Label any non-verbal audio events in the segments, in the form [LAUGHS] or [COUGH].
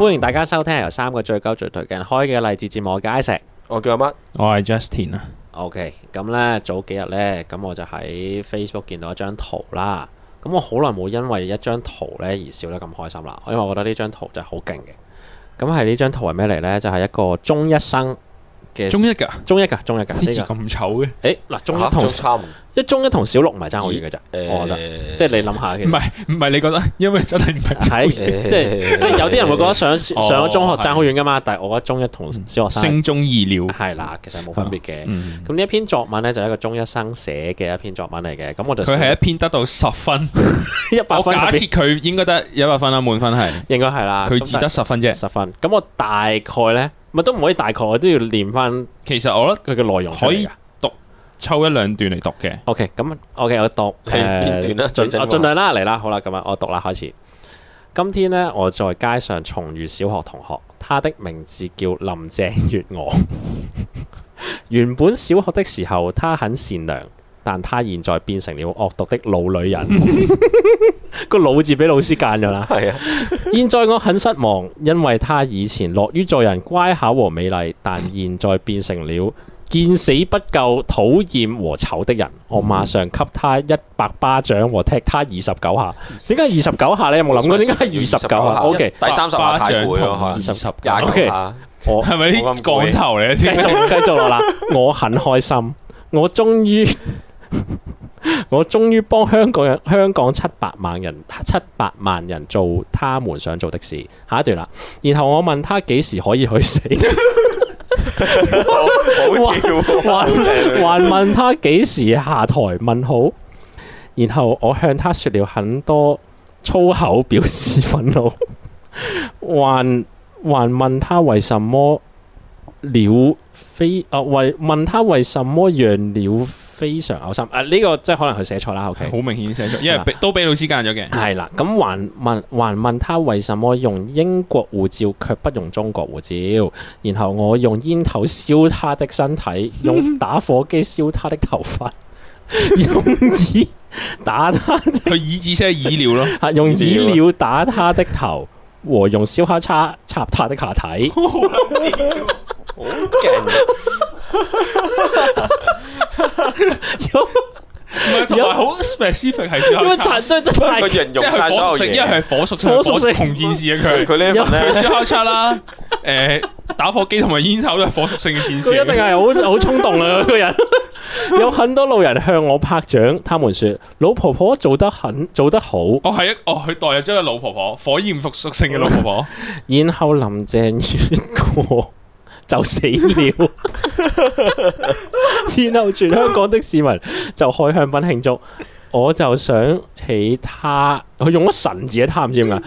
歡迎大家收聽由三個最高最最近開嘅勵志節目嘅 I 食，我叫乜？我係 Justin。OK，咁呢早幾日呢，咁我就喺 Facebook 見到一張圖啦。咁我好耐冇因為一張圖呢而笑得咁開心啦，因為我覺得呢張圖就係好勁嘅。咁係呢張圖係咩嚟？呢？就係一個中一生。中一噶，中一噶，中一噶，啲字咁醜嘅。誒，嗱，中一同一中一同小六唔係爭好遠嘅咋？我覺得，即係你諗下。唔係，唔係，你覺得因為真係唔係即係即係有啲人會覺得上上咗中學爭好遠噶嘛？但係我覺得中一同小學生升中二了。係嗱，其實冇分別嘅。咁呢一篇作文咧，就係一個中一生寫嘅一篇作文嚟嘅。咁我就佢係一篇得到十分一百分。假設佢應該得一百分啦，滿分係應該係啦。佢只得十分啫，十分。咁我大概咧。咪都唔可以大概，我都要練翻。其實我覺得佢嘅內容可以讀抽一兩段嚟讀嘅。OK，咁 OK，我讀片、呃、段啦、啊，盡凜、啊、量啦，嚟啦，好啦，咁啊，我讀啦，開始。今天呢，我在街上重遇小學同學，他的名字叫林鄭月娥。 [LAUGHS] [LAUGHS] 原本小學的時候，他很善良。但她現在變成了惡毒的老女人、 [LAUGHS] [LAUGHS] 那個，個老字俾老師間咗啦。係現在我很失望，因為她以前樂於助人、乖巧和美麗，但現在變成了見死不救、討厭和醜的人。我馬上給她一百巴掌和踢她二十九下。點解二十九下咧？有冇諗過？點解二十九下？O K，第三十巴掌二十九，O K，我係咪啲頭嚟？繼續繼續啦！我很開心，我終於～ [LAUGHS] 我終於幫香港人、香港七百萬人、七百萬人做他們想做的事。下一段啦，然後我問他幾時可以去死 [LAUGHS] 還、還還問他幾時下台問好，然後我向他說了很多粗口，表示憤怒，還還問他為什麼鳥飛，啊，為問他為什麼讓鳥。非常嘔心啊！呢、這個即係可能佢寫錯啦，okay 好明顯寫錯，因為都俾老師間咗嘅。係、嗯、啦，咁還問還問他為什麼用英國護照卻不用中國護照？然後我用煙頭燒他的身體，用打火機燒他的頭髮，嗯、用椅打他。用紙屑、紙料咯，用紙料打他的頭，和用燒烤叉插他的下體。好勁！唔係同埋好 specific，係燒烤叉，真係太過形容晒所有嘢，火屬性啊，因為火屬紅戰士啊，佢佢呢一份咧燒烤叉啦，誒，打火機同埋煙頭都係火屬性嘅戰士，一定係好好衝動啦，個人。 [LAUGHS] 有很多路人向我拍掌，他們說老婆婆做得很做得好。哦係啊，哦佢代入咗個老婆婆，火焰複屬性嘅老婆婆。 [LAUGHS] 然後林鄭月娥。就死了，然 [LAUGHS] 後全香港的市民就開香檳慶祝。我就想起他，佢用咗神字嘅他，唔知點解，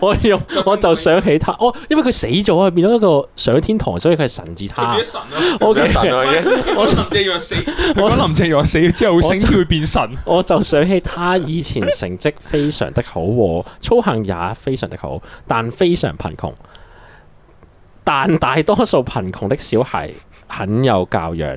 我用， [LAUGHS] 我，用我就想起他，我、哦、因為佢死咗，佢變咗一個上天堂，所以佢係神字他。變神我甚至要死。 [LAUGHS] 我林鄭月娥死之後升佢變神。我就想起他以前成績非常的好，操行也非常的好，但非常貧窮。但大多數貧窮的小孩很有教養，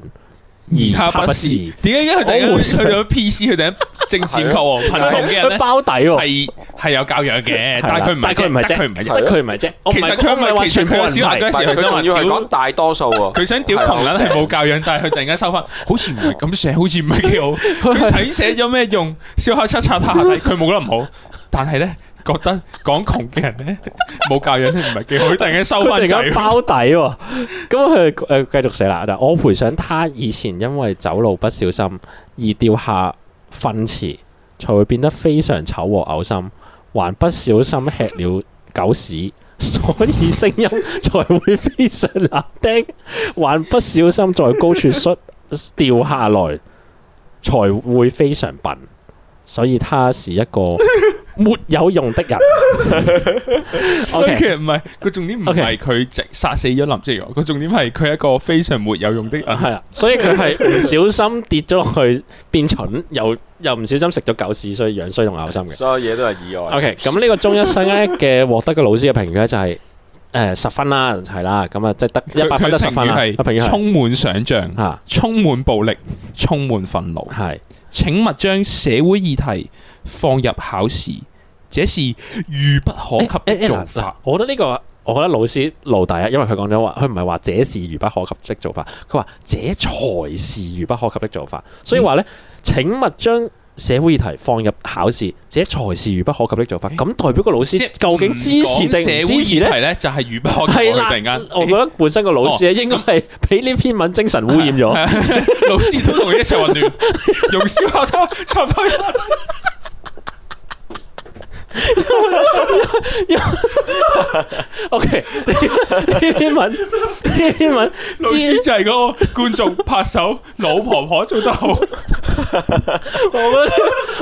而他不是。點解而家佢突然間會上咗 PC？佢哋正正確確，貧窮嘅人咧包底係係有教養嘅，但佢唔但佢唔係正，但佢唔係正。其實佢唔係話全部小孩，但係佢想話講大多數。佢想屌窮人係冇教養，但係佢突然間收翻，好似唔係咁寫，好似唔係幾好。寫寫咗咩用？燒烤叉叉拍下，佢冇得唔好，但係咧。覺得講窮嘅人呢，冇 [LAUGHS] 教養，唔係幾好。突然間收翻仔，包底、啊。咁佢誒繼續寫啦。我回想他以前因為走路不小心而掉下糞池，才會變得非常醜和嘔心；還不小心吃了狗屎，所以聲音才會非常難聽；還不小心在高處摔掉下來，才會非常笨。所以，他是一個。 [LAUGHS] 沒有用的人，所以其實唔係佢重點，唔係佢直殺死咗林夕陽，佢重點係佢一個非常沒有用的人，係啦，所以佢係唔小心跌咗落去變蠢，又又唔小心食咗狗屎，所以樣衰同嘔心嘅。所有嘢都係意外。O K，咁呢個中一生嘅獲得嘅老師嘅評價就係誒十分啦，係啦，咁啊即係得一百分得十分啦。評價充滿想象吓，充滿暴力，充滿憤怒，係。請勿將社會議題放入考試，這是愚不可及的做法。欸欸欸欸、我覺得呢、這個，我覺得老師老大啊，因為佢講咗話，佢唔係話這是愚不可及的做法，佢話這才是愚不可及的做法。所以話呢，嗯、請勿將。社會議題放入考試，這才是愚不可及的做法。咁、欸、代表個老師究竟支持定唔支持呢？就係愚不可及。係啦，我覺得本身個老師咧，應該係俾呢篇文精神污染咗、欸。欸、老師都同佢一齊混亂，用小學都插因為因為，O K，呢篇文，呢篇文老師就係個觀眾拍手，老婆婆做得好。我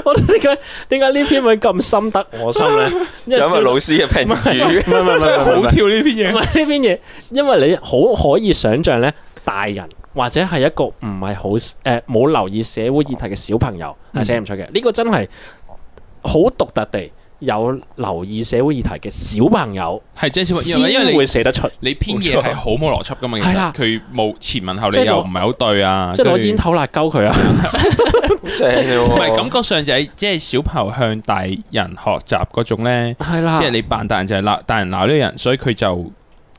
我點解點解呢篇文咁深得我心咧？因為老師嘅評語，好跳呢篇嘢，呢篇嘢，因為你好可以想象咧，大人或者係一個唔係好誒冇留意社會議題嘅小朋友係寫唔出嘅。呢個真係好獨特地。有留意社會議題嘅小朋友，係即係小朋友因為你會寫得出，你編嘢係好冇邏輯㗎嘛？其實佢冇前文後理又唔係好對啊！即攞煙頭辣鳩佢啊！唔係感覺上就係即係小朋友向大人學習嗰種咧，即係你扮大人就係鬧大人鬧呢啲人，所以佢就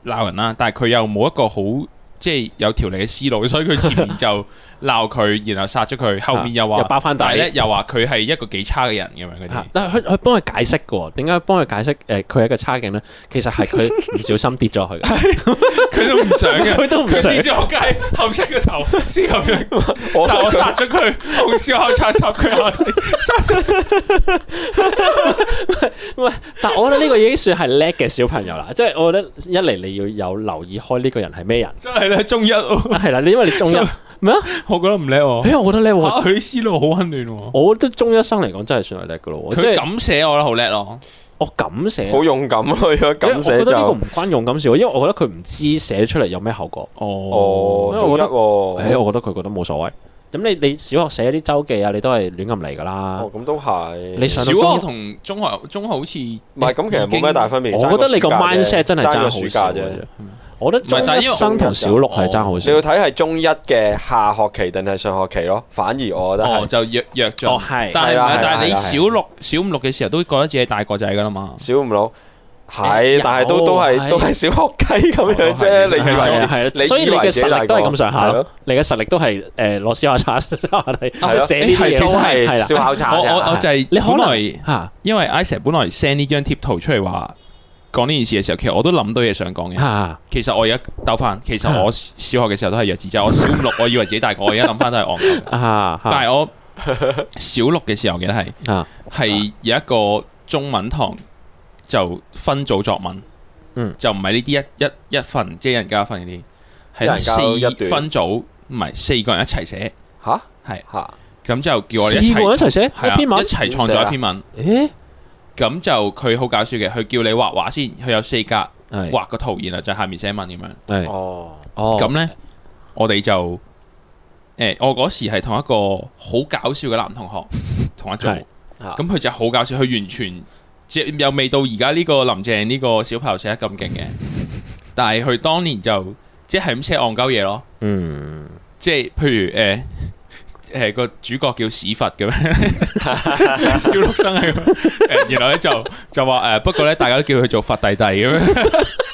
鬧人啦。但係佢又冇一個好即係有條理嘅思路，所以佢前面就鬧佢，然後殺咗佢，後面又話，又包返大，但係咧又話佢係一個幾差嘅人咁樣啲。但係佢佢幫佢解釋嘅，點解幫佢解釋？誒，佢係一個差勁咧。其實係佢唔小心跌咗佢，佢都唔想嘅，佢都唔想跌咗雞後脊個頭先咁樣。但我殺咗佢，紅燒叉叉佢，殺咗。喂，但我覺得呢個已經算係叻嘅小朋友啦。即係我覺得一嚟你要有留意開呢個人係咩人，真係咧中一咯，係啦，因為你中一。咩啊？我覺得唔叻，我覺得叻喎。佢啲思路好溫暖。我覺得中一生嚟講，真係算係叻噶咯。佢敢寫我覺得好叻咯。我咁寫，好勇敢咯。因為我覺得呢個唔關勇敢事，因為我覺得佢唔知寫出嚟有咩效果。哦，做得喎。我覺得佢覺得冇所謂。咁你你小學寫啲周記啊，你都係亂咁嚟噶啦。哦，咁都係。你上小學同中學中學好似唔係咁，其實冇咩大分別。我覺得你個 mindset 真係爭暑假咋。我覺得中一生同小六係爭好少。你要睇係中一嘅下學期定係上學期咯，反而我覺得就弱弱咗係。但係唔係，但係你小六，小五六嘅時候都覺得自己大個仔噶啦嘛。小五六係，但係都都係都係小學雞咁樣啫。你係咪自己？所以你嘅實力都係咁上下。你嘅實力都係誒，螺絲牙叉叉地寫啲嘢都係。小考差。我我就係你可能，吓，因為 Ice 本來 send 呢張貼圖出嚟話。講呢件事嘅時候，其實我都諗到嘢，想講嘅。其實我而家兜翻，其實我小學嘅時候都係弱智。就我小六，我以為自己大個，我而家諗翻都係戇嘅。但係我小六嘅時候，記得係係有一個中文堂，就分組作文。就唔係呢啲一一一份，即係人交一份嗰啲。係四分組，唔係四個人一齊寫。吓，係吓。咁就叫我哋一齊寫一篇文，一齊創作一篇文。咁就佢好搞笑嘅，佢叫你畫畫先，佢有四格畫個圖，是的 然後就下面寫文咁樣。哦，咁呢我哋就、欸、我嗰時係同一個好搞笑嘅男同學同一組，咁佢是的、嗯、就好搞笑，佢完全即又未到而家呢個林鄭呢個小朋友寫得咁勁嘅，但係佢當年就即係咁寫戇鳩嘢咯。嗯即，即係譬如誒。欸誒，欸，那個主角叫屎佛嘅咩？小 [LAUGHS] 學生係，誒、欸，原來咧就就話誒、欸，不過咧大家都叫佢做佛弟弟咁樣，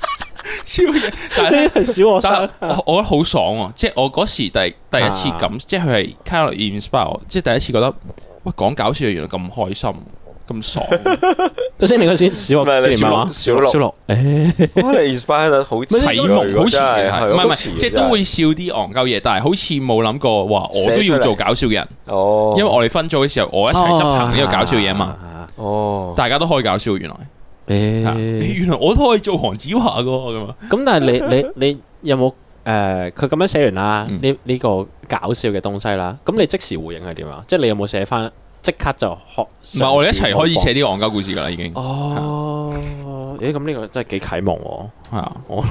[LAUGHS] 超，但係呢係小學生，但啊、我，我覺得好爽喎、啊，即係我嗰時第第一次咁，啊、即係佢係 call me inspire 我，即係第一次覺得，喂，講搞笑嘢原來咁開心。咁傻，頭先你嗰時小六，你話小六？小六，我哋 inspire 好齊，唔係唔係，即係都會笑啲憨鳩嘢，但係好似冇諗過，哇，我都要做搞笑嘅人，哦，因為我哋分組嘅時候，我一齊執行呢個搞笑嘢啊嘛，哦，大家都開搞笑，原來，誒，原來我都可以做黃子華噶，咁咁但係你你你有冇誒，佢咁樣寫完啦，你呢個搞笑嘅東西啦，咁你即時回應係點啊？即係你有冇寫翻？即刻就學，唔係我哋一齊開始寫啲戇鳩故事噶啦，已經。哦，咦，咁呢個真係幾啟蒙喎，係啊，我，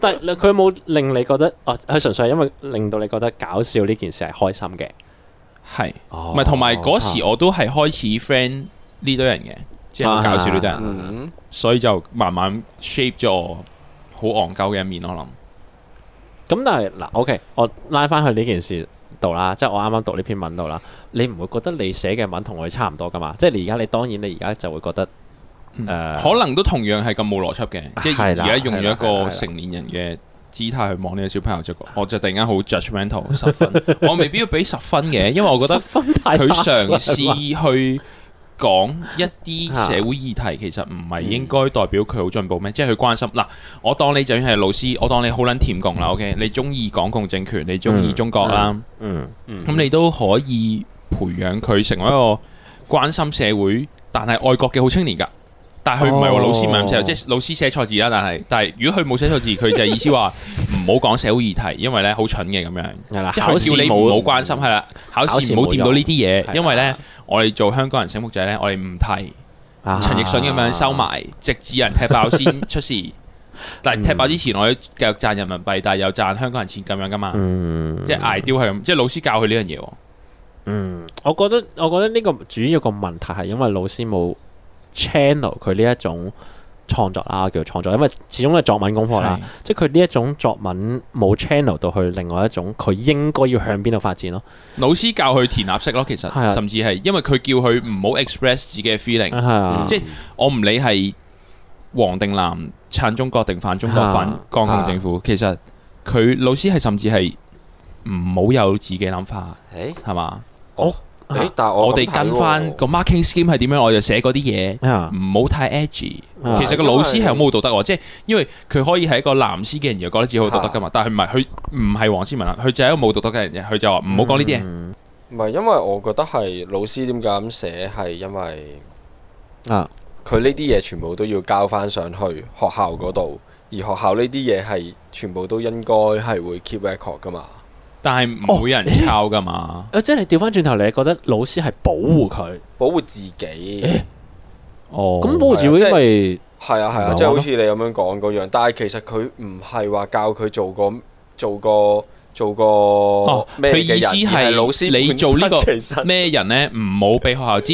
但係佢冇令你覺得，啊，佢純粹係因為令到你覺得搞笑呢件事係開心嘅，係，唔係同埋嗰時我都係開始 friend 呢堆人嘅，即係搞笑呢堆人，所以就慢慢 shape 咗好戇鳩嘅一面我諗。咁但係嗱，OK，我拉翻去呢件事。度啦，即係我啱啱讀呢篇文度啦，你唔會覺得你寫嘅文同我差唔多噶嘛？即係你而家你當然你而家就會覺得，誒、嗯，嗯、可能都同樣係咁冇邏輯嘅，嗯、即係而家用咗一個成年人嘅姿態去望呢個小朋友，就我就突然間好 judgmental 十分， [LAUGHS] 我未必要俾十分嘅，因為我覺得分太，佢嘗試去，去。講一啲社會議題，其實唔係應該代表佢好進步咩？即係佢關心嗱、嗯，我當你就算係老師，我當你好撚舔共啦、嗯、，OK？你中意港共政權，你中意中國啦、嗯，嗯，咁啦、嗯嗯、你都可以培養佢成為一個關心社會，但係愛國嘅好青年㗎。但係佢唔係話老師唔寫，即係老師寫錯字啦。但係但係如果佢冇寫錯字，佢就係意思話唔好講社會議題，因為咧好蠢嘅咁樣。係啦，即係叫你唔好關心，係啦，考試唔好掂到呢啲嘢。因為咧，我哋做香港人醒目仔咧，我哋唔睇陳奕迅咁樣收埋，直至人踢爆先出事。但係踢爆之前，我哋繼續賺人民幣，但係又賺香港人錢咁樣噶嘛？即係挨刁係咁，即係老師教佢呢樣嘢。嗯，我覺得我覺得呢個主要個問題係因為老師冇。channel 佢呢一種創作啊，叫創作，因為始終都係作文功課啦。是啊、即係佢呢一種作文冇 channel 到去另外一種，佢應該要向邊度發展咯？老師教佢填鴨式咯，其實甚至係因為佢叫佢唔好 express 自己嘅 feeling，即係我唔理係黃定藍撐中國定反中國反港共政府，是啊、其實佢老師係甚至係唔好有自己諗法，係嘛是、啊吧？哦。但我哋、啊、跟翻個 marking scheme 係點樣，我就寫嗰啲嘢，唔好 Yeah. 太 edgy。Yeah, 其實個老師係有冇道德喎？即係因為佢可以係一個藍絲嘅人而覺得自己好道德㗎嘛。Yeah. 但係唔係佢唔係黃思文啦，佢就係一個冇道德嘅人，佢就話唔好講呢啲嘢。唔係、mm. 因為我覺得係老師點解咁寫係因為啊，佢呢啲嘢全部都要交翻上去學校嗰度，而學校呢啲嘢係全部都應該係會 keep record 噶嘛。但係唔會有人抄噶嘛？誒、哦欸，即係你調翻轉頭，你覺得老師係保護佢，保護自己、欸？哦，咁保護自己因為係啊係啊，啊啊啊即係好似你咁樣講嗰樣，但係其實佢唔係話教佢做個做個。做個，佢意思係老師你做呢個咩人咧，唔好俾學校知。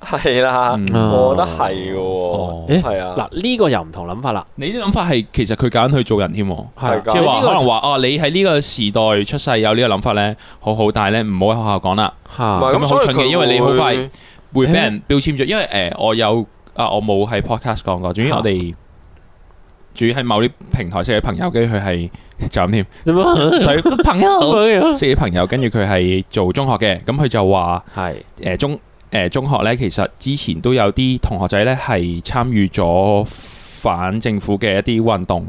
係啦，我覺得係喎。誒，係啊。嗱呢個又唔同諗法啦。你啲諗法係其實佢揀去做人添，即係話可能話啊，你喺呢個時代出世有呢個諗法咧，好好，但係咧唔好喺學校講啦。咁好蠢嘅，因為你好快會俾人標籤咗。因為誒，我有啊，我冇喺 Podcast 講過，總之，我哋主要喺某啲平台識嘅朋友，跟佢係。 [LAUGHS] 就咁添樣，麼所以朋友， [LAUGHS] 四位朋友，跟住佢係做中學嘅，咁佢就話係誒中誒、呃、中學呢，其實之前都有啲同學仔呢係參與咗反政府嘅一啲運動，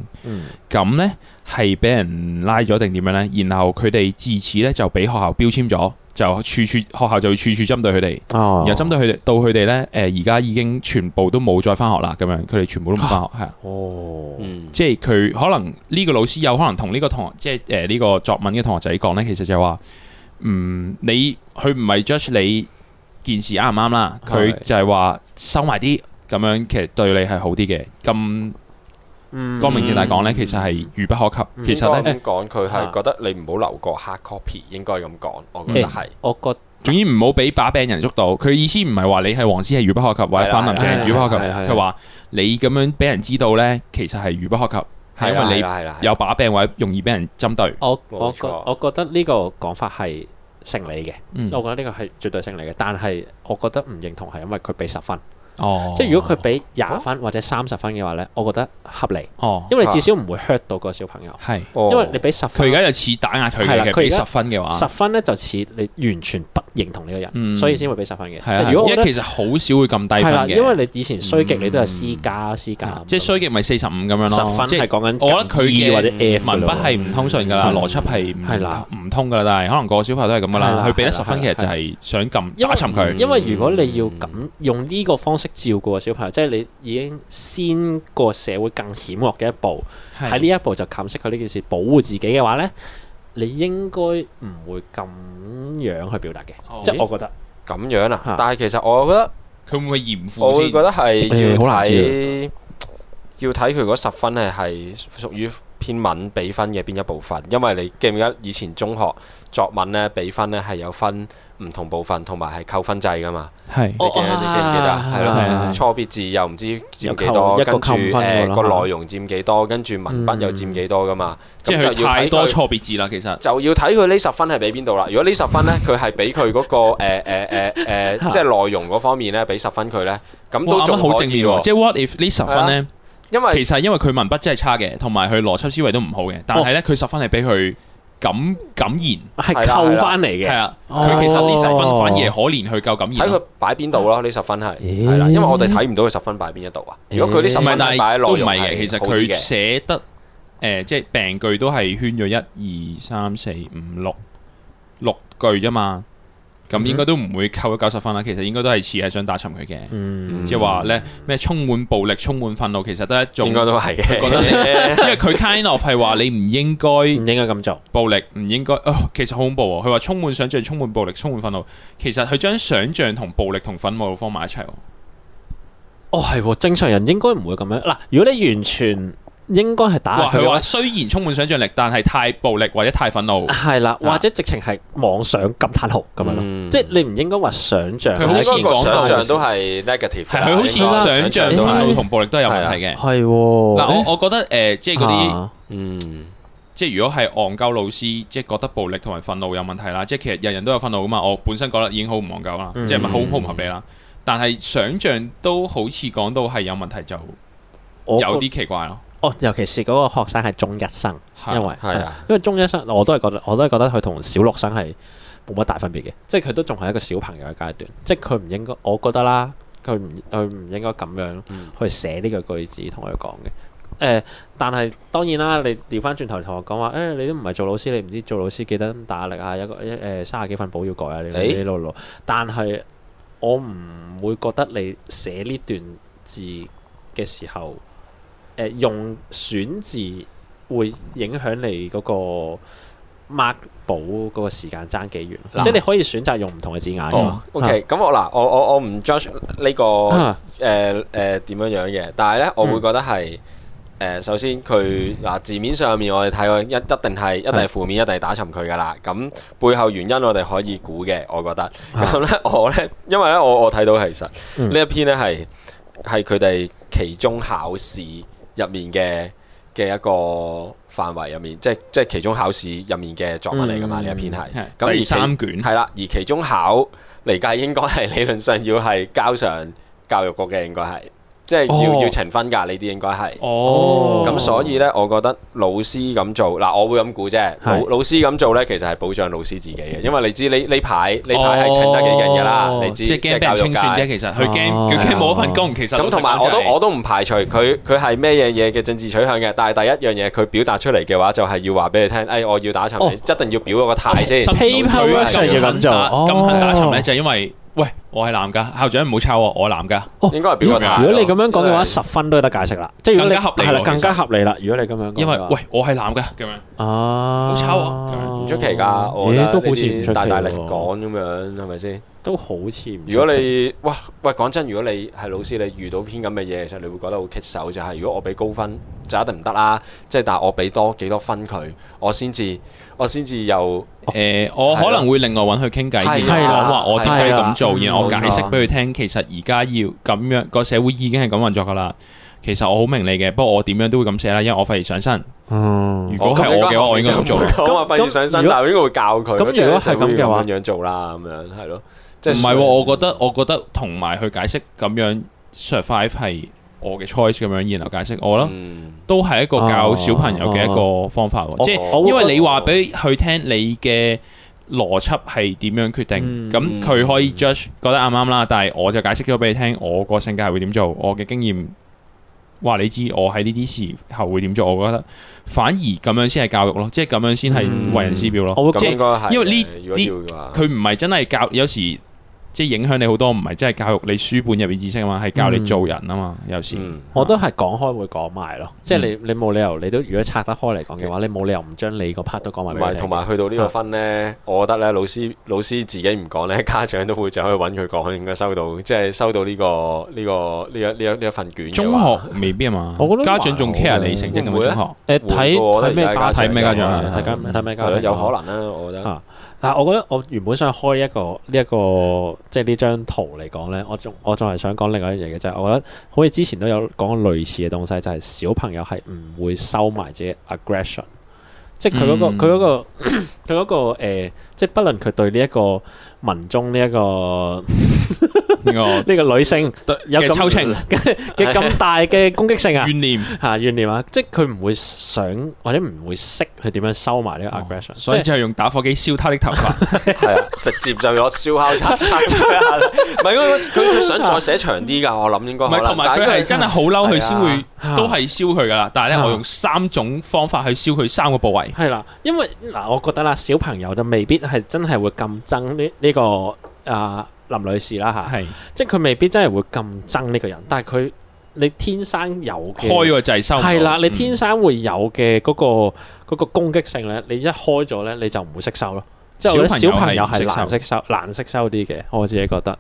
咁、嗯、呢。係俾人拉咗定點樣呢？然後佢哋自此呢就俾學校標籤咗，就處處學校就會處處針對佢哋，oh. 然後針對佢哋到佢哋呢。誒、呃，而家已經全部都冇再翻學啦。咁樣，佢哋全部都唔翻學係啊。Oh. 是哦，即係佢可能呢個老師有可能同呢個同學，即係誒呢個作文嘅同學仔講呢，其實就係話，嗯，你佢唔係 judge 你件事啱唔啱啦，佢就係話、oh. 收埋啲咁樣，其實對你係好啲嘅咁。光明正大講呢，其實係愚不可及。其實呢，講佢係覺得你唔好留個黑 copy，應該咁講，我覺得係。我覺，總之唔好俾把柄人捉到。佢意思唔係話你係黃絲係愚不可及，或者泛民係愚不可及。佢話你咁樣俾人知道呢，其實係愚不可及，係因為你有把柄或者容易俾人針對。我我覺，我覺得呢個講法係成立嘅。我覺得呢個係絕對成立嘅。但係我覺得唔認同，係因為佢俾十分。哦，即係如果佢俾廿分或者三十分嘅話咧，我覺得合理。哦，因為你至少唔會 hurt 到個小朋友。係，因為你俾十分，佢而家就似打壓佢嘅。係啦，佢而家十分嘅話，十分咧就似你完全不認同呢個人，所以先會俾十分嘅。係啊，而家其實好少會咁低分嘅。因為你以前衰極你都係 C 加，C 加。即係衰極咪四十五咁樣咯。十分即係講緊。我覺得佢或者嘅文筆係唔通順㗎啦，邏輯係係啦。通噶啦，但係可能個小朋友都係咁噶啦，佢俾得十分其實就係想撳壓沉佢。因為如果你要咁用呢個方式照顧個小朋友，即係、嗯、你已經先過社會更險惡嘅一步，喺呢的一步就冚塞佢呢件事，保護自己嘅話呢，你應該唔會咁樣去表達嘅。即係、哦、我覺得咁樣啊。但係其實我覺得佢的會唔會嚴父？我會覺得係好、呃、難要睇佢嗰十分係係屬於篇文比分嘅邊一部分，因為你記唔記得以前中學作文咧比分咧係有分唔同部分，同埋係扣分制噶嘛？你係。哦啊！係咯，錯別字又唔知佔幾多，跟住誒個內容佔幾多，跟住文筆又佔幾多噶嘛？即係要睇多錯別字啦，其實就要睇佢呢十分係俾邊度啦。如果呢十分咧，佢係俾佢嗰個誒誒誒即係內容嗰方面咧俾十分佢咧，咁都仲好正常喎。即係 what if 呢十分咧？其實因為佢文筆真係差嘅，同埋佢邏輯思維都唔好嘅，但係呢，佢十分係俾佢感感言，係扣翻嚟嘅。係啊，佢其實呢十分反而可憐去夠感言。睇佢擺邊度咯，呢十分係，係啦，因為我哋睇唔到佢十分擺邊一度啊。如果佢啲十分擺落都唔係嘅，其實佢寫得誒，即係病句都係圈咗一二三四五六六句啫嘛。咁應該都唔會扣咗九十分啦，其實應該都係似係想打沉佢嘅，即係話咧咩充滿暴力、充滿憤怒，其實都係一種應該都係嘅，佢覺得你，因為佢 kind of 係話你唔應該唔應該咁做暴力，唔應該哦，其實好恐怖啊！佢話充滿想像、充滿暴力、充滿憤怒，其實佢將想像同暴力同憤怒放埋一齊喎。哦，係喎，正常人應該唔會咁樣嗱，如果你完全。應該係打。話係話，雖然充滿想像力，但係太暴力或者太憤怒。係啦、啊，或者直情係妄想金灘豪咁樣咯。嗯、即係你唔應該話想像。佢、嗯、好似講到都係 negative。佢好似想像同同暴力都有問題嘅。係嗱、欸啊，我我覺得誒、呃，即係嗰啲嗯，即係如果係戇鳩老師，即係覺得暴力同埋憤怒有問題啦。即係其實人人都有憤怒噶嘛。我本身覺得已經好唔戇鳩啦，即係咪好好唔合理啦？但係想像都好似講到係有問題，就有啲奇怪咯。哦，尤其是嗰個學生係中一生，是因為、啊、因為中一生，我都係覺得，我都係覺得佢同小六生係冇乜大分別嘅，即係佢都仲係一個小朋友嘅階段，即係佢唔應該，我覺得啦，佢唔佢唔應該咁樣去寫呢個句，句子同佢講嘅。誒、嗯呃，但係當然啦，你調翻轉頭同我講話，誒、欸，你都唔係做老師，你唔知做老師幾大壓力啊，有一個一、呃、三十幾份簿要改啊，你你攞攞，欸、但係我唔會覺得你寫呢段字嘅時候。用選字會影響你嗰個 mark 簿嗰個時間爭幾遠？啊、即係你可以選擇用唔同嘅字眼。OK，咁我嗱，我我我唔 judge 呢個誒誒點樣樣嘅，但係呢，我會覺得係、呃、首先佢嗱字面上面我哋睇過一一定係一定係負面，一定係打沉佢㗎喇。咁、嗯嗯、背後原因我哋可以估嘅，我覺得。咁咧我咧因為呢，我我睇到其實呢一篇呢係係佢哋期中考試。入面嘅嘅一個範圍入面，即係即係其中考試入面嘅作文嚟㗎嘛，呢、嗯、一篇係咁、嗯、而其三卷係啦，而其中考嚟計應該係理論上要係交上教育局嘅，應該係。即係要要呈分㗎，呢啲應該係。哦。咁所以呢，我覺得老師咁做，嗱，我會咁估啫。老老師咁做呢，其實係保障老師自己嘅，因為你知呢呢排呢排係爭得幾勁㗎啦。你知即係教育界。即係驚被清算啫，其實佢驚佢驚冇一份工。其實咁同埋我都我都唔排除佢佢係咩嘢嘢嘅政治取向嘅，但係第一樣嘢佢表達出嚟嘅話，就係要話俾你聽，誒，我要打沉你，一定要表嗰個態先。深厚啊，所以咁肯打沉咧，就係因為喂。我係男㗎，校長唔好抄我，我男㗎。應該係表達。哦，如果你咁樣講嘅話，十分都有得解釋啦。即係如果你合，係更加合理啦。如果你咁樣，因為喂我係男㗎咁樣。哦，唔抄我，唔出奇㗎。都好似大大力講咁樣係咪先？都好似。如果你哇喂，講真，如果你係老師，你遇到篇咁嘅嘢，其實你會覺得好棘手，就係如果我俾高分就一定唔得啦。即係但係我俾多幾多分佢，我先至我先至又誒，我可能會另外搵佢傾偈，係啊，我點解咁做我解釋俾佢聽，其實而家要咁樣個社會已經係咁運作噶啦。其實我好明你嘅，不過我點樣都會咁寫啦，因為我費事上身。哦，如果係我嘅話我應該咁做，咁啊費事上身，但係我應該會教佢。咁如果係咁嘅話，咁樣做啦，咁樣係咯，即係唔係？我覺得我覺得同埋去解釋咁樣 survive 係我嘅 choice 咁樣，然後解釋我咯，都係一個教小朋友嘅一個方法。即係因為你話俾佢聽，你嘅。邏輯係點樣決定？咁佢、嗯、可以 judge 覺得啱唔啱啦。嗯、但係我就解釋咗俾你聽，我個性格係會點做，我嘅經驗話你知，我喺呢啲事後會點做。我覺得反而咁樣先係教育咯，即係咁樣先係為人師表咯。即係、嗯、因為呢呢，佢唔係真係教，有時。即影響你好多，唔係真係教育你書本入面知識啊嘛，係教你做人啊嘛。有時我都係講開會講埋咯，即係你你冇理由，你都如果拆得開嚟講嘅話，你冇理由唔將你個 part 都講埋。唔係，同埋去到呢個分呢，我覺得呢，老師老師自己唔講呢，家長都會就可以揾佢講，應該收到即係收到呢個呢個呢一呢一份卷。中學未必啊嘛，我覺得家長仲 care 你成績有冇中學。睇咩家家長，睇咩睇咩家長，有可能啦，我覺得。嗱，我覺得我原本想開一個呢一個即係呢張圖嚟講呢。我仲我仲係想講另外一樣嘢嘅，就係我覺得好似之前都有講過類似嘅東西，就係、是、小朋友係唔會收埋自己 aggression，即係佢嗰個佢嗰、嗯嗰個佢嗰、 [COUGHS] 嗰個、呃、即係不論佢對呢一個。文中呢一個呢個呢個女性 [LAUGHS] 的有抽嘅咁大嘅攻擊性啊，怨 [LAUGHS] 念嚇怨 [LAUGHS] 念啊， [LAUGHS] 即係佢唔會想或者唔會識佢點樣收埋呢個 aggression，、哦、所以就用打火機燒他啲頭髮，係 [LAUGHS] 啊， [LAUGHS] 直接就攞燒烤叉叉。佢想再寫長啲噶，我諗應該唔係同埋佢係真係好嬲，佢先會都係燒佢噶啦。啊、但係咧，啊、我用三種方法去燒佢三個部位。係啦，因為嗱、啊，我覺得啦，小朋友就未必係真係會咁憎呢呢個啊林女士啦吓，係的即係佢未必真係會咁憎呢個人，但係佢你天生有開個就係收，係啦，你天生會有嘅嗰、嗰個、嗯、個攻擊性咧，你一開咗咧，你就唔會識收咯。即係小朋友係難識收難識收啲嘅，我自己覺得。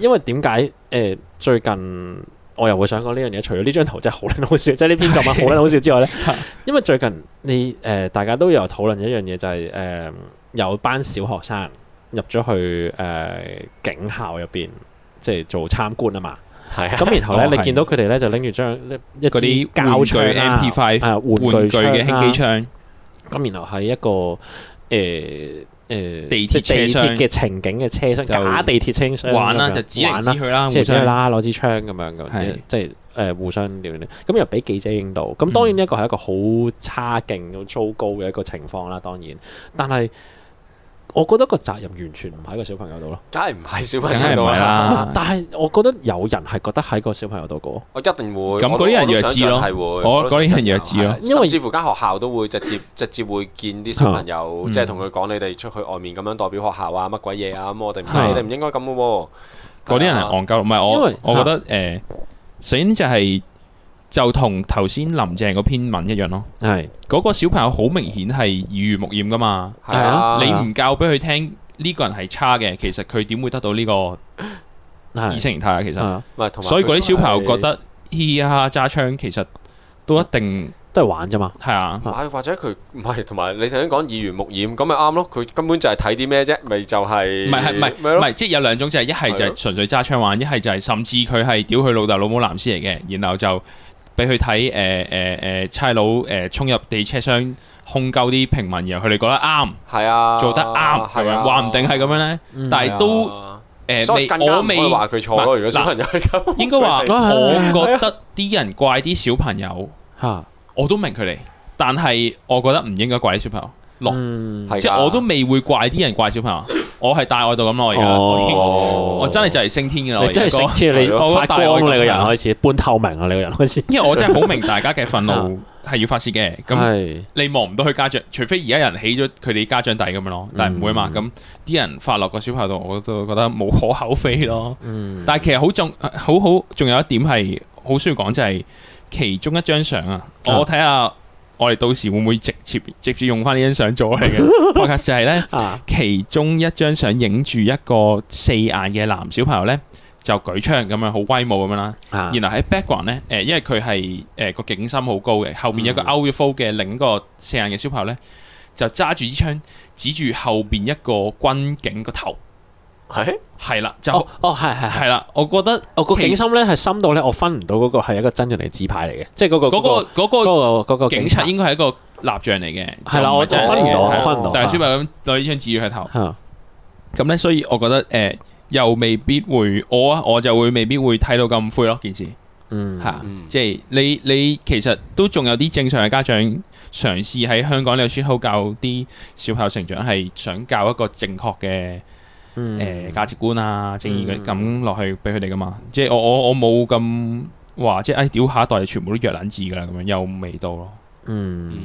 因為點解？誒、呃，最近我又會想講呢樣嘢，除咗呢張圖真係好捻好笑， [LAUGHS] 即係呢篇作文好捻好笑之外咧， [LAUGHS] 因為最近你誒、呃，大家都有討論一樣嘢，就係、是、誒、呃，有班小學生入咗去誒、呃、警校入邊，即係做參觀啊嘛。係咁然後咧，哦、你見到佢哋咧就拎住張一啲、啊、玩具 MP5 啊，玩具嘅輕機槍。咁然後係一個誒。呃誒，呃、即係地鐵嘅、啊、情景嘅車廂，假地鐵車廂玩啦、啊，樣就指嚟指去啦，互、啊、相去啦，攞支槍咁樣嘅是，即係誒、呃、互相點點，咁又俾記者影到。咁當然呢一個係一個好差勁、好糟糕嘅一個情況啦。當然，但係。我覺得個責任完全唔喺個小朋友度咯，梗係唔喺小朋友度啦。但係我覺得有人係覺得喺個小朋友度過，我一定會。咁嗰啲人弱智咯，係會。我嗰啲人弱智咯，甚至乎間學校都會直接直接會見啲小朋友，即係同佢講：你哋出去外面咁樣代表學校啊，乜鬼嘢啊？咁我哋唔，你哋唔應該咁嘅喎。嗰啲人係戇鳩，唔係我。因為我覺得誒，首先就係。就同頭先林鄭嗰篇文一樣咯，係嗰個小朋友好明顯係耳濡目染噶嘛，係啊，你唔教俾佢聽呢個人係差嘅，其實佢點會得到呢個意識形態啊？其實，所以嗰啲小朋友覺得咿呀揸槍，其實都一定都係玩咋嘛？係啊，或者佢唔係，同埋你頭先講耳濡目染，咁咪啱咯？佢根本就係睇啲咩啫，咪就係，唔係係唔係唔係，即係有兩種就係一係就係純粹揸槍玩，一係就係甚至佢係屌佢老豆老母藍絲嚟嘅，然後就。俾佢睇，誒誒誒，差佬誒衝入地車廂控救啲平民，然後佢哋覺得啱，係啊，做得啱，係啊，話唔定係咁樣咧。但係都誒未，我未話佢錯咯。如果小朋友係咁，應該話我覺得啲人怪啲小朋友吓，我都明佢哋，但係我覺得唔應該怪啲小朋友。咯即係我都未會怪啲人怪小朋友。我係大愛到咁咯，而家我真係就嚟升天噶啦，你真係升天，你要發光，你個人開始半透明啊，你個人開始。因為我真係好明大家嘅憤怒係要發泄嘅，咁 [LAUGHS] 你望唔到佢家長，除非而家人起咗佢哋家長底咁樣咯，但係唔會嘛。咁啲、嗯、人發落個小朋友度，我都覺得無可厚非咯。啊嗯、但係其實好重，好好，仲有一點係好需要講，就係、是、其中一張相啊，我睇下。我哋到時會唔會直接直接用翻呢張相做嚟嘅？我 guess 就係咧，其中一張相影住一個四眼嘅男小朋友咧，就舉槍咁樣好威武咁樣啦。然後喺 background 咧，誒，因為佢係誒，個景深好高嘅，後面有個 out of focus 嘅另一個四眼嘅小朋友咧，就揸住支槍指住後邊一個軍警個頭。係係啦，就哦係係係啦，我覺得我個警心，咧係深到咧，我分唔到嗰個係一個真人嚟，紙牌嚟嘅，即係嗰個個個個警察應該係一個蠟像嚟嘅，係啦，我就分唔到，但係小朋友攞呢張紙去頭，咁咧，所以我覺得誒又未必會我啊，我就會未必會睇到咁灰咯，件事，吓，即係你你其實都仲有啲正常嘅家長嘗試喺香港呢個圈好教啲小朋友成長，係想教一個正確嘅。誒，價值觀啊，正義嘅咁落去俾佢哋噶嘛？即係我我我冇咁話，即係哎屌下一代全部都弱卵字噶啦，咁樣又未到咯。嗯，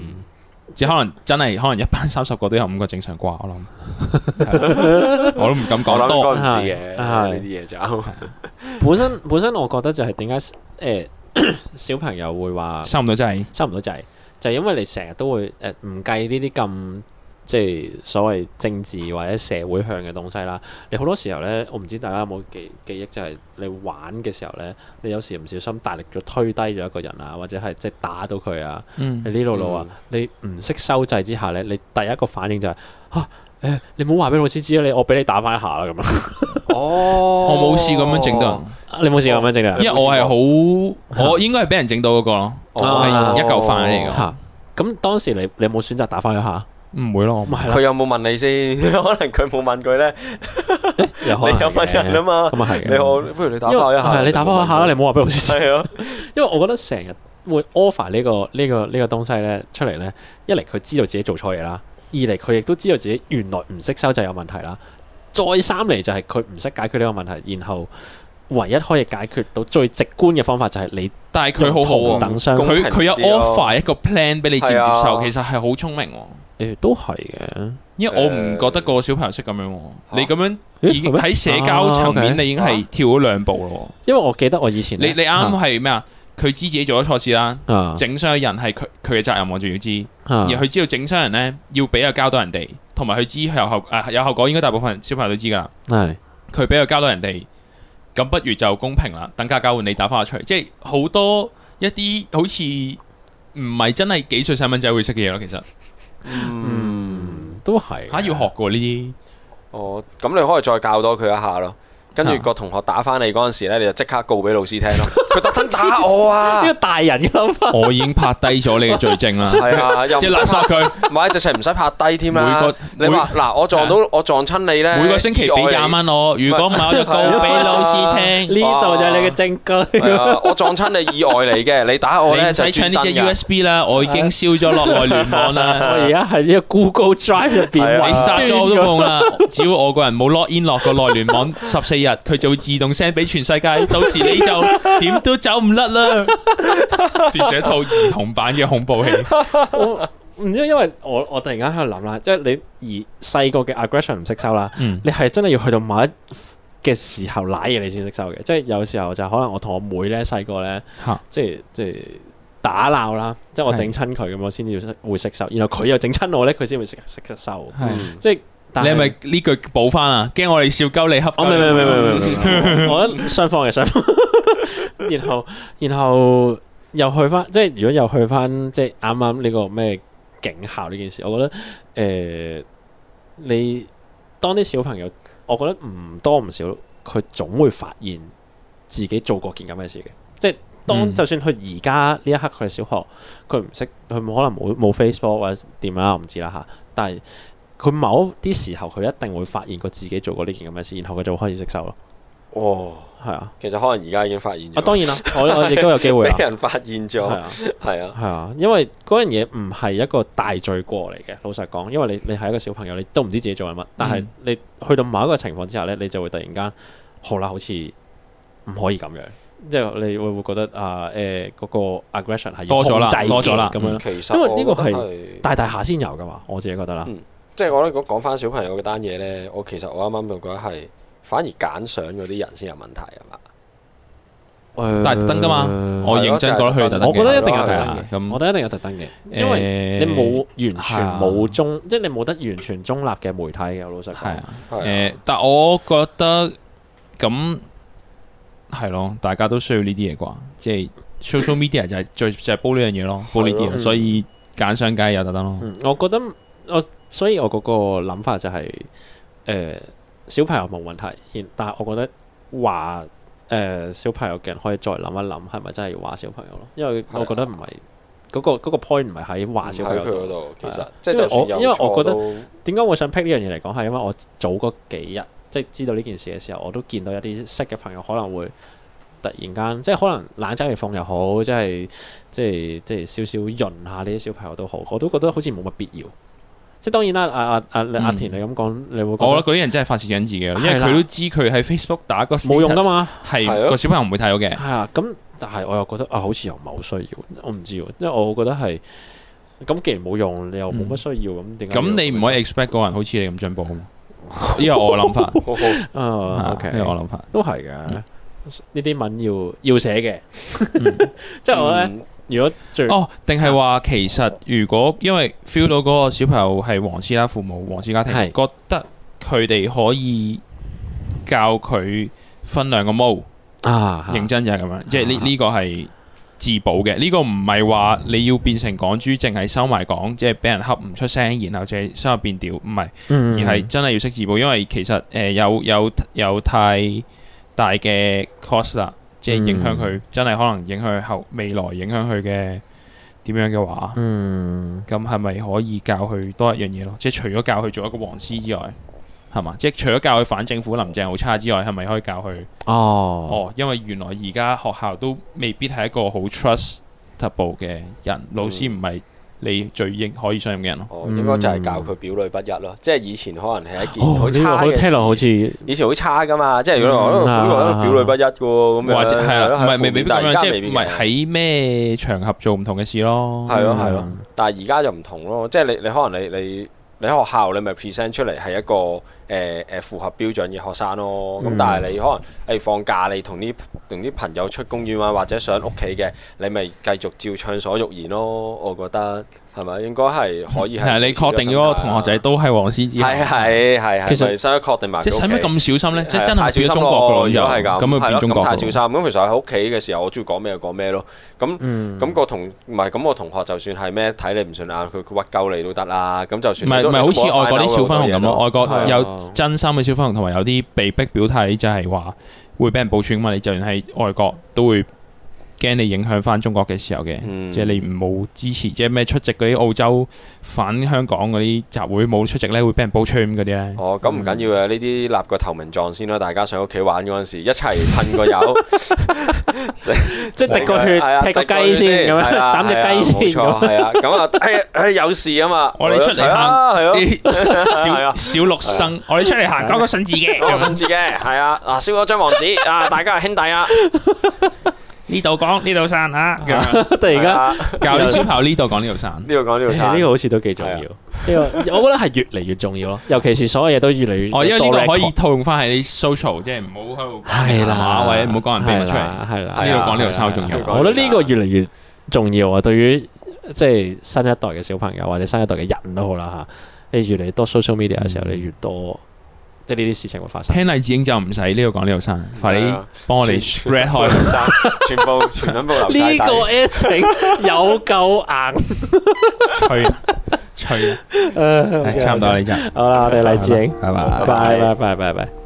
只可能真係可能一班三十個都有五個正常啩，我諗我都唔敢講多字嘅，呢啲嘢就本身本身，我覺得就係點解誒小朋友會話收唔到真係，收唔到制，就係因為你成日都會誒唔計呢啲咁。即係所謂政治或者社會向嘅東西啦。你好多時候呢，我唔知大家有冇記記憶，就係、是、你玩嘅時候呢，你有時唔小心大力咗推低咗一個人啊，或者係即係打到佢啊。呢度、嗯、路啊，嗯、你唔識收制之下呢，你第一個反應就係、是、嚇、啊欸、你唔好話俾老師知啊！你我俾你打翻一下啦咁啊。樣哦、 [LAUGHS] 我冇試咁樣整到人，哦、你冇試咁樣整啊？因為我係好，我應該係俾人整到嗰、那個咯。我係一嚿飯嚟嘅。咁、哦哦、當時你你有冇選擇打翻一下？哦唔會咯，咁、嗯、係。佢有冇問你先？ [LAUGHS] 可能佢冇問佢咧，欸、有可 [LAUGHS] 你有問人啊嘛？咁啊係。你我不如你打返下。你打返下啦，你唔好話俾老師知。係、啊、因為我覺得成日會 offer 呢、這個呢、這個呢、這個東西咧出嚟咧，一嚟佢知道自己做錯嘢啦，二嚟佢亦都知道自己原來唔識收就有問題啦，再三嚟就係佢唔識解決呢個問題，然後唯一可以解決到最直觀嘅方法就係你,、啊、你，但係佢好好，等商公平啲。佢佢有 offer 一個 plan 俾你接唔接受，其實係好聰明。都係嘅，因為我唔覺得個小朋友識咁樣，啊、你咁樣已經喺社交層面，你已經係跳咗兩步咯、啊。因為我記得我以前你，你你啱啱係咩啊？佢知自己做咗錯事啦，整傷、啊、人係佢佢嘅責任，我仲要知、啊而知要。而佢知道整傷人呢，要俾個交到人哋，同埋佢知有後誒有後果，啊、後果應該大部分小朋友都知噶啦。係佢俾個交到人哋，咁不如就公平啦，等價交換你打翻我出嚟。即係好多一啲好似唔係真係幾歲細蚊仔會識嘅嘢咯，其實。嗯，都係是啊，要學過呢啲。哦，咁你可以再教多佢一下咯。跟住個同學打翻你嗰陣時咧，你就即刻告俾老師聽咯。佢特登打我啊！呢個大人嘅諗法，我已經拍低咗你嘅罪證啦。係啊，又垃圾佢，唔係，直情唔使拍低添啦。每個你話嗱，我撞到我撞親你咧，每個星期俾廿蚊我。如果唔係，我就告俾老師聽。呢度就係你嘅證據。我撞親你意外嚟嘅，你打我一隻專登。唔使搶呢隻 USB 啦，我已經燒咗落內聯網啦。我而家喺呢個 Google Drive 入邊。你殺咗都冇啦，只要我個人冇落 In 落個內聯網十四。日佢就會自動 send 俾全世界，到時你就點都走唔甩啦，變成 [LAUGHS] 一套兒童版嘅恐怖戲。唔知因為我我突然間喺度諗啦，即係你而細個嘅 aggression 唔識收啦，嗯、你係真係要去到某一嘅時候，舐嘢你先識收嘅。即係有時候就可能我同我妹呢，細個呢，即係即係打鬧啦，即係是我整親佢咁，我先至會識收。然後佢又整親我呢，佢先會識識得收。即係、嗯。你係咪呢句補翻啊？驚我哋笑鳩你黑？哦，唔唔唔唔唔，我覺得雙方嘅雙方 [LAUGHS] 然。然後然後又去翻，即係如果又去翻，即係啱啱呢個咩警校呢件事，我覺得誒、呃，你當啲小朋友，我覺得唔多唔少，佢總會發現自己做過件咁嘅事嘅。即係當、嗯、就算佢而家呢一刻佢係小學，佢唔識，佢冇可能冇冇 Facebook 或者點樣？我唔知啦吓，但係。佢某啲時候，佢一定會發現過自己做過呢件咁嘅事，然後佢就會開始識收咯。哦，係啊，其實可能而家已經發現咗，啊。當然啦，我亦都有機會俾 [LAUGHS] 人發現咗，係啊，係啊，啊，因為嗰樣嘢唔係一個大罪過嚟嘅。老實講，因為你你係一個小朋友，你都唔知自己做緊乜。但係你去到某一個情況之下呢，你就會突然間，好啦，好似唔可以咁樣。即、就、係、是、你會唔會覺得啊，誒、呃，嗰、那個 aggression 係多咗啦，多咗啦咁樣。因為呢個係大大下先有㗎嘛，我自己覺得啦。嗯即係我咧，如果講翻小朋友嗰單嘢呢，我其實我啱啱就覺得係反而揀相嗰啲人先有問題係嘛？但係特登㗎嘛？我認真覺得佢特登，我覺得一定有特登，我覺得一定有特登嘅，因為你冇完全冇中，即係你冇得完全中立嘅媒體嘅。老老實講，但係我覺得咁係咯，大家都需要呢啲嘢啩？即係 social media 就係煲呢樣嘢咯，煲呢啲啊。所以揀相梗係有特登咯。我覺得我。所以我嗰個諗法就係、是，誒、呃、小朋友冇問題，但係我覺得話誒、呃、小朋友嘅人可以再諗一諗，係咪真係要話小朋友咯？因為我覺得唔係嗰個嗰個 point 唔係喺話小朋友度，其實、啊、即係我因為我覺得點解都我會想 pick 呢樣嘢嚟講，係因為我早嗰幾日即係知道呢件事嘅時候，我都見到一啲識嘅朋友可能會突然間即係可能攬仔如鳳又好，即係即係即係少，少少潤下呢啲小朋友都好，我都覺得好似冇乜必要。即係當然啦，阿阿阿阿田你咁講，你會我覺得嗰啲人真係發泄緊自己嘅，因為佢都知佢喺 Facebook 打個冇用噶嘛，係個小朋友唔會睇到嘅。係啊，咁但係我又覺得啊，好似又唔係好需要，我唔知喎，因為我覺得係咁，既然冇用，你又冇乜需要，咁點解咁你唔可以 expect 個人好似你咁進步？呢個我諗法，啊 OK，呢個我諗法都係嘅。呢啲文要要寫嘅，即係我咧。如果最哦，定係話其實如果因為 feel 到嗰個小朋友係黃絲啦，父母黃絲家庭是覺得佢哋可以教佢分兩個毛啊哈，認真就係咁樣，啊、哈即係呢呢個係自保嘅，呢、這個唔係話你要變成港豬，淨係收埋港，即係俾人恰唔出聲，然後就收入變調，唔係，嗯、而係真係要識自保，因為其實誒、呃、有有有,有,有,有太大嘅 cost 啦。即係影響佢，嗯、真係可能影響後未來，影響佢嘅點樣嘅話，咁係咪可以教佢多一樣嘢咯？即係除咗教佢做一個黃絲之外，係嘛？即係除咗教佢反政府、林鄭好差之外，係咪可以教佢？哦，哦，因為原來而家學校都未必係一個好 trustable 嘅人，老師唔係、嗯。你最應可以信任嘅人咯、哦，應該就係教佢表裏不一咯。嗯、即係以前可能係一件好差、哦、聽好差落好似以前好差噶嘛。嗯、即係原來都表裏不一嘅喎。嗯、咁樣或者係啦，唔係唔係唔係喺咩場合做唔同嘅事咯。係咯係咯，但係而家就唔同咯。即係你你可能你你你喺學校你咪 present 出嚟係一個。誒誒符合標準嘅學生咯，咁但係你可能誒放假你同啲同啲朋友出公園啊，或者上屋企嘅，你咪繼續照暢所欲言咯，我覺得係咪應該係可以係你確定嗰個同學仔都係黃師資？係係係係。其實而家確定埋。即係使乜咁小心咧？即係真係小心咯。咁又變中國咯？係咯，咁太小心。咁其實喺屋企嘅時候，我中意講咩就講咩咯。咁咁個同唔係咁個同學就算係咩睇你唔順眼，佢佢屈鳩你都得啦。咁就算唔係唔係好似外國啲小粉紅咁咯，外國有。真心嘅小朋友同埋有啲被逼表態，就係話會俾人保存嘛。你就算喺外國都會。驚你影響翻中國嘅時候嘅，即係你冇支持，即係咩出席嗰啲澳洲返香港嗰啲集會冇出席咧，會俾人報槍嗰啲咧。哦，咁唔緊要嘅，呢啲立個投名狀先啦，大家上屋企玩嗰陣時，一齊噴個油，即係滴個血，踢個雞先，咁樣斬隻雞先。冇錯，係啊，咁啊，有事啊嘛，我哋出嚟行，啲小小六生，我哋出嚟行，攞個信字嘅，攞個信字嘅，係啊，嗱，燒咗張黃紙啊，大家係兄弟啊。呢度講呢度散啊！突然間教啲小朋友呢度講呢度散，呢度講呢度散，呢個好似都幾重要。呢個我覺得係越嚟越重要咯，尤其是所有嘢都越嚟越哦，因為呢個可以套用翻喺 social，即係唔好喺度碼或者唔好講人名出嚟。係啦，呢度講呢度散好重要。我覺得呢個越嚟越重要啊！對於即係新一代嘅小朋友或者新一代嘅人都好啦嚇，你越嚟越多 social media 嘅時候，你越多。即係呢啲事情會發生，聽黎智英就唔使呢度講呢度刪，快啲幫我嚟 spread 開，全部全品都留晒呢個 ending 有夠硬，吹吹，誒，差唔多呢集，好啦，我哋黎智英，拜拜，拜拜拜拜拜。